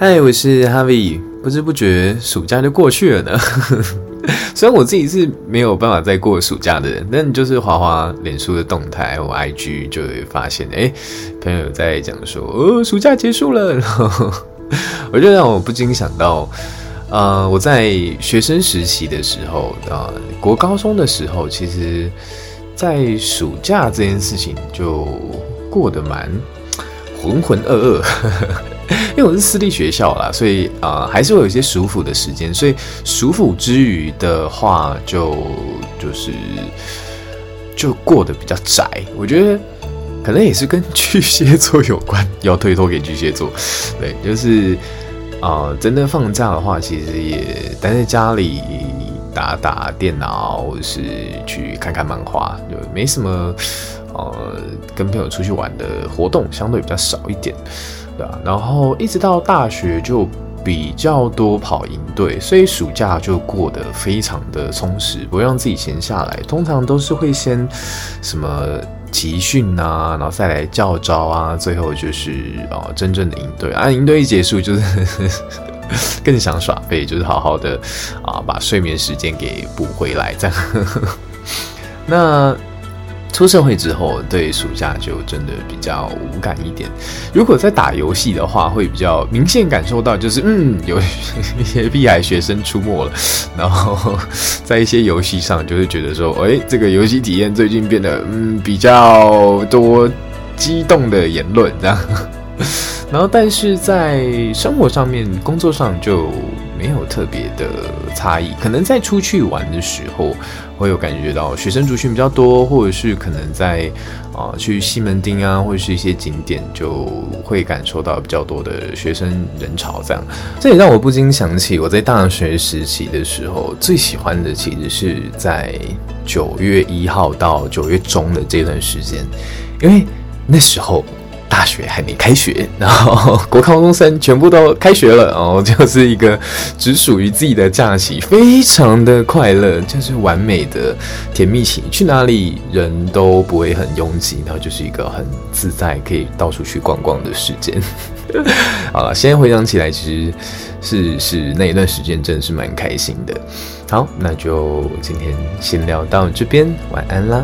嗨，我是 Harvie。不知不覺，暑假就過去了呢。 雖然我自己是沒有辦法再過暑假的人，但就是滑滑臉書的動態，我 IG 就會發現，哎，朋友在講說，哦，暑假結束了，然 後我就讓我不禁想到，呃，我在學生時期的時候，啊、呃，國高中的時候，其實，在暑假這件事情就過得蠻。渾渾噩噩，因為我是私立學校啦，所以啊、呃，還是會有一些暑輔的時間。所以暑輔之餘的話，就就是就過得比較宅。我覺得可能也是跟巨蟹座有關，要推脫給巨蟹座。對，就是啊、呃，真的放假的話，其實也待在家裡打打電腦，或者是去看看漫畫，就沒什麼，呃，跟朋友出去玩的活動相對比較少一點，對啊，然後一直到大學就比較多跑營隊，所以暑假就過得非常的充實，不會讓自己閒下來。通常都是會先什麼集訓啊，然後再來校招啊，最後就是哦，呃，真正的營隊啊，營隊一結束就是。 更想耍，所以就是好好的啊，把睡眠時間給補回來這樣。 那出社會之後，對暑假就真的比較無感一點。如果在打遊戲的話，會比較明顯感受到，就是嗯，有一些屁孩學生出沒了。然後在一些遊戲上，就會覺得說，誒、欸，這個遊戲體驗最近變得嗯比較多激動的言論這樣。然後，但是在生活上面，工作上就沒有特別的差異。可能在出去玩的時候，會有感覺到學生族群比較多，或者是可能在啊、呃、去西門町啊，或者是一些景點，就會感受到比較多的學生人潮。這樣，這也讓我不禁想起我在大學時期的時候，最喜歡的其實是在九月一號到九月中的這段時間，因為那時候。大學還沒開學，然後國考、中專全部都開學了哦，然後就是一個只屬於自己的假期，非常的快樂，就是完美的甜蜜期。去哪裡人都不會很擁擠，然後就是一個很自在，可以到處去逛逛的時間。 好了，現在回想起來，其實是是，是那一段時間真的是蠻開心的。好，那就今天先聊到這邊，晚安啦。